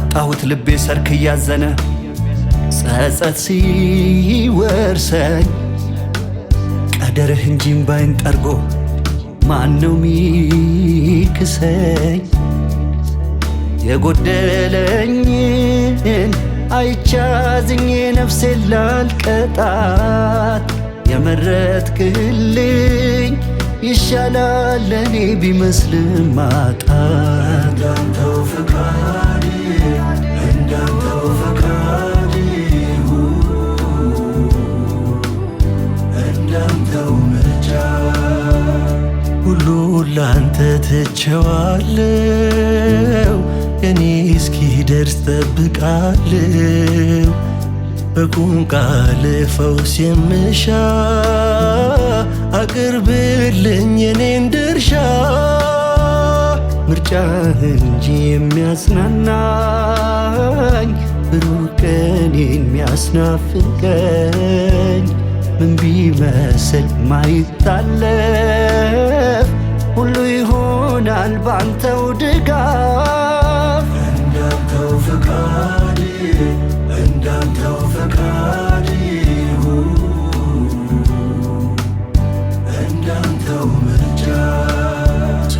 ባጣሁት ልቤ ሰርክ እያዘነ ጸጸት ሲወርሰኝ ቀደርህ እንጂም ባይን ጠርጎ ነው ሚክሰኝ? የጎደለኝን አይቻዝኜ ነፍሴ ላልቀጣት የመረጥክልኝ ይሻላል ለኔ ቢመስልም ማጣት ያንተው ምርጫ ሁሉ ላንተ ትቼዋለሁ እኔ እስኪደርስ ጠብቃለሁ በቁንቃ ፈውስ የምሻ አቅርብልኝ የኔን ድርሻ ምርጫ እንጂ የሚያጽናናኝ ብሩህ ቀኔን የሚያስናፍቀኝ ምን ቢመስል ማይታለፍ ሁሉ ይሆናል ባንተው ድጋፍ